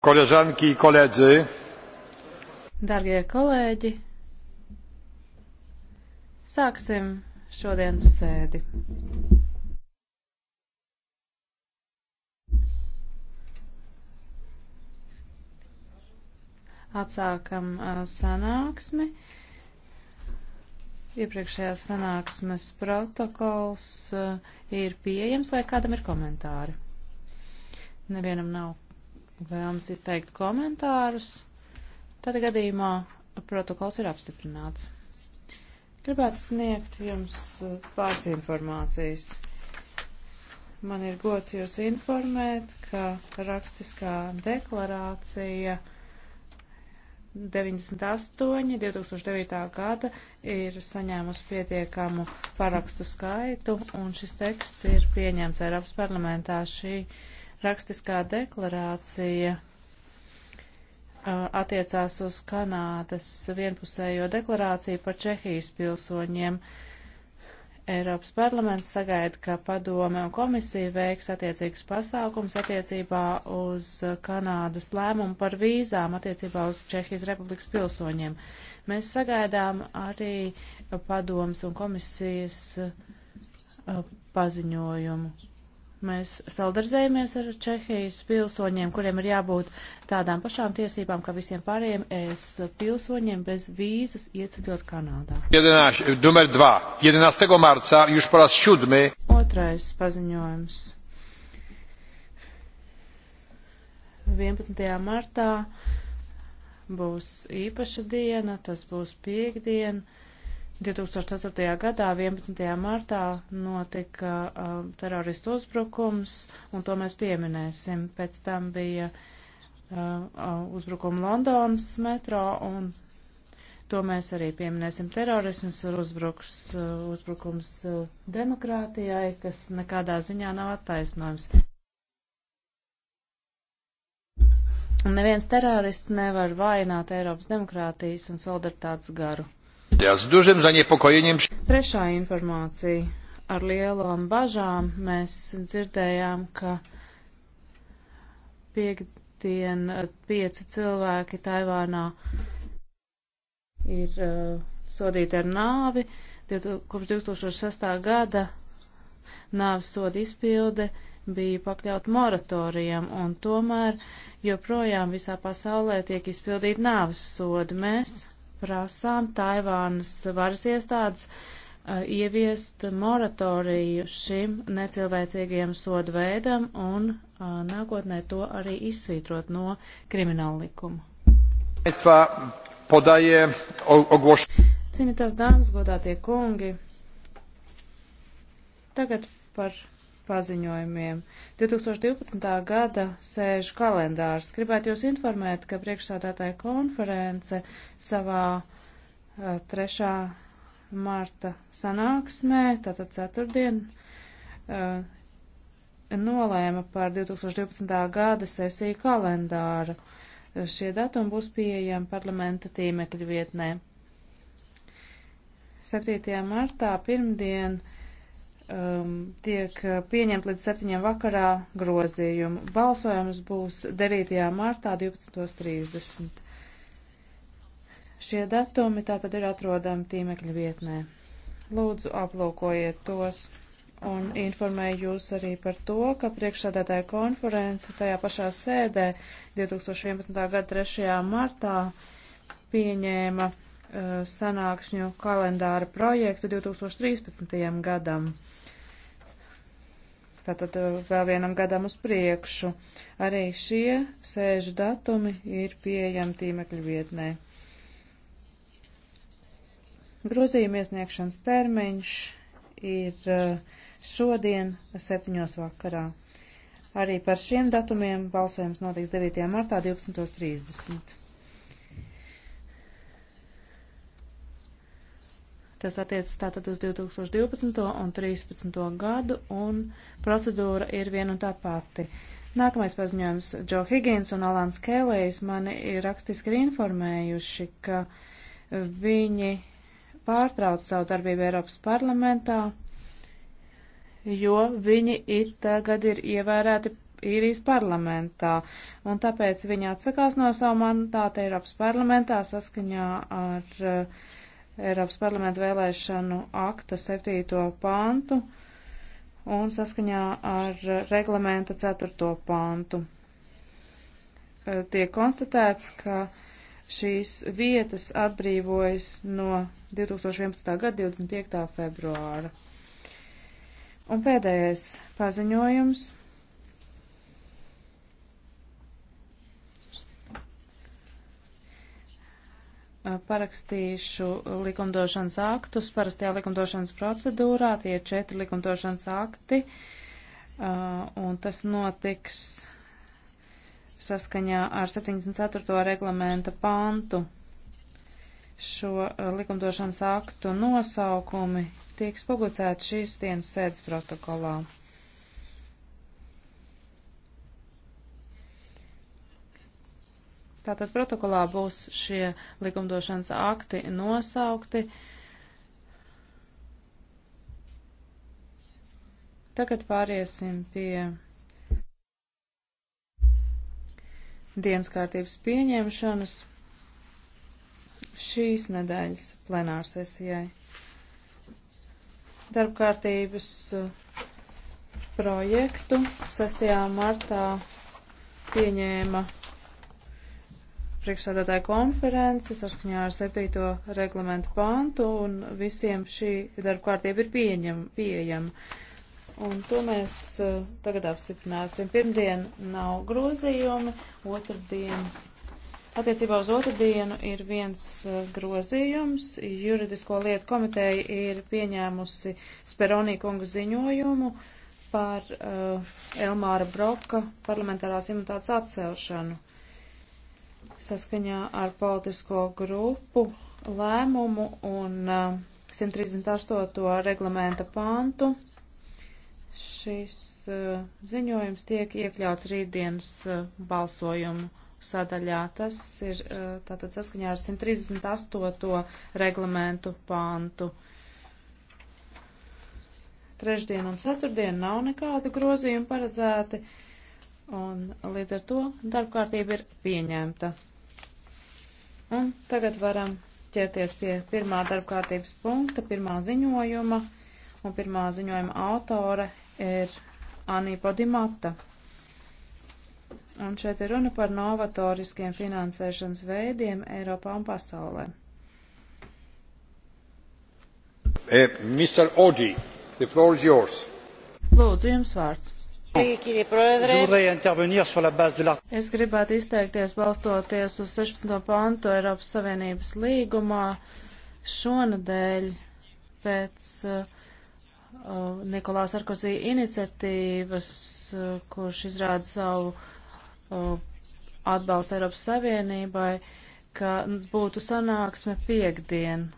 Koleżanki i koledzy. Darbie kolēģi, sāksim šodienas sēdi. Atsākam sanāksmi. Iepriekšējās sanāksmes protokols ir pieejams, vai kādam ir komentāri? Nevienam nav vēlams izteikt komentārus, tad gadījumā protokols ir apstiprināts. Gribētu sniegt jums uh, pāris informācijas. Man ir gods jūs informēt, ka rakstiskā deklarācija 98. 2009. gada ir saņēmusi pietiekamu parakstu skaitu, un šis teksts ir pieņemts Eiropas parlamentā šī. Uh, rakstiskā deklarācija attiecās uz Kanādas vienpusējo deklarāciju par Čehijas pilsoņiem. Eiropas parlaments sagaida, ka padome un komisija veiks attiecīgus pasākums attiecībā uz Kanādas lēmumu par vīzām attiecībā uz Čehijas republikas pilsoņiem. Mēs sagaidām arī padomas un komisijas paziņojumu. Mēs saldarzējamies ar Čehijas pilsoņiem, kuriem ir jābūt tādām pašām tiesībām, kā visiem pārējiem es pilsoņiem bez vīzas ieceļot Kanādā. 11, 2, 11. marca, jūs parās 7. Otrais paziņojums. 11. martā būs īpaša diena, tas būs piekdiena. 2004. gadā 11. martā notika uh, teroristu uzbrukums, un to mēs pieminēsim. Pēc tam bija uh, uh uzbrukuma Londonas metro, un to mēs arī pieminēsim. Terorisms ir uzbruks, uh, uzbrukums uh, demokrātijai, kas nekādā ziņā nav attaisnojums. Un neviens terorists nevar vainot Eiropas demokrātijas un solidaritātes garu. Trešā informācija. Ar lielām bažām mēs dzirdējām, ka piekdien eh, pieci cilvēki Taivānā ir uh, sodīti ar nāvi. Kopš 2006. gada nāves soda izpilde bija pakļaut moratorijam, un tomēr joprojām visā pasaulē tiek izpildīti nāves sodi. Mēs prasām Taivānas varas iestādes uh, ieviest moratoriju šim necilvēcīgajam sodu veidam un uh, nākotnē to arī izsvītrot no krimināla likuma. Cīnītās dāmas, godātie kungi, tagad par paziņojumiem. 2012. gada sēžu kalendārs. Gribētu jūs informēt, ka priekšsādātāja konference savā uh, 3. marta sanāksmē, tātad ceturtdien, uh, nolēma par 2012. gada sesiju kalendāru. Šie datumi būs pieejami parlamenta tīmekļu vietnē. 7. martā pirmdien uh, um, tiek uh, pieņemt līdz 7. vakarā grozījumu. Balsojums būs 9. martā 12.30. Šie datumi tātad ir atrodami tīmekļa vietnē. Lūdzu, aplūkojiet tos un informēju jūs arī par to, ka priekšsādātāja konference tajā pašā sēdē 2011. gada 3. martā pieņēma Uh, sanākšņu kalendāra projektu 2013. gadam. Tātad uh, vēl vienam gadam uz priekšu. Arī šie sēžu datumi ir pieejami tīmekļu vietnē. Grozījuma iesniegšanas termiņš ir uh, šodien septiņos vakarā. Arī par šiem datumiem balsojums notiks 9. martā 12.30. Tas attiecas tātad uz 2012. un 2013. gadu, un procedūra ir viena un tā pati. Nākamais paziņojums - Džo Higgins un Alans Kēlējs mani ir rakstiski ir informējuši, ka viņi pārtrauc savu darbību Eiropas parlamentā, jo viņi it tagad ir ievērēti īrijas parlamentā, un tāpēc viņi atsakās no savu mandātu Eiropas parlamentā saskaņā ar uh, Eiropas parlamenta vēlēšanu akta 7. pantu un saskaņā ar reglamenta 4. pantu. E, tiek konstatēts, ka šīs vietas atbrīvojas no 2011. gada 25. februāra. Un pēdējais paziņojums Eh, parakstīšu likumdošanas aktus parastajā likumdošanas procedūrā. Tie ir četri likumdošanas akti, eh, un tas notiks saskaņā ar 74. reglamenta pantu. Šo eh, likumdošanas aktu nosaukumi tiks publicēti šīs dienas sēdes protokolā. Tātad protokolā būs šie likumdošanas akti nosaukti. Tagad pāriesim pie dienas kārtības pieņemšanas šīs nedēļas plenārsesijai. Darbkārtības uh, projektu 6. martā pieņēma priekšsādātāja konference saskaņā ar 7. reglamentu pantu un visiem šī darba kārtība ir pieņem, pieejama. Un to mēs uh, tagad apstiprināsim. Pirmdien nav grozījumi, otrdien. Attiecībā uz otrdienu ir viens uh, grozījums. Juridisko lietu komiteja ir pieņēmusi Speronī kunga ziņojumu par uh, Elmāra Broka parlamentārās imunitātes atcelšanu saskaņā ar politisko grupu lēmumu un 138. Uh, reglamenta pantu. Šis uh, ziņojums tiek iekļauts rītdienas uh, balsojumu sadaļā. Tas ir tātad saskaņā ar 138. reglamentu pantu. Trešdien un ceturtdien nav nekādu grozījumu paredzēti. Uh, Un līdz ar to darbkārtība ir pieņemta. Un tagad varam ķerties pie pirmā darbkārtības punkta, pirmā ziņojuma. Un pirmā ziņojuma autore ir Anī Podimata. Un šeit ir runa par novatoriskiem finansēšanas veidiem Eiropā un pasaulē. E, eh, Mr. Odi, the floor is yours. Lūdzu, jums vārds. Es gribētu izteikties balstoties uz 16. pantu Eiropas Savienības līgumā. Šonadēļ pēc uh, uh, Nikolā Sarkozī iniciatīvas, uh, kurš izrāda savu uh, atbalstu Eiropas Savienībai, ka būtu sanāksme piekdien.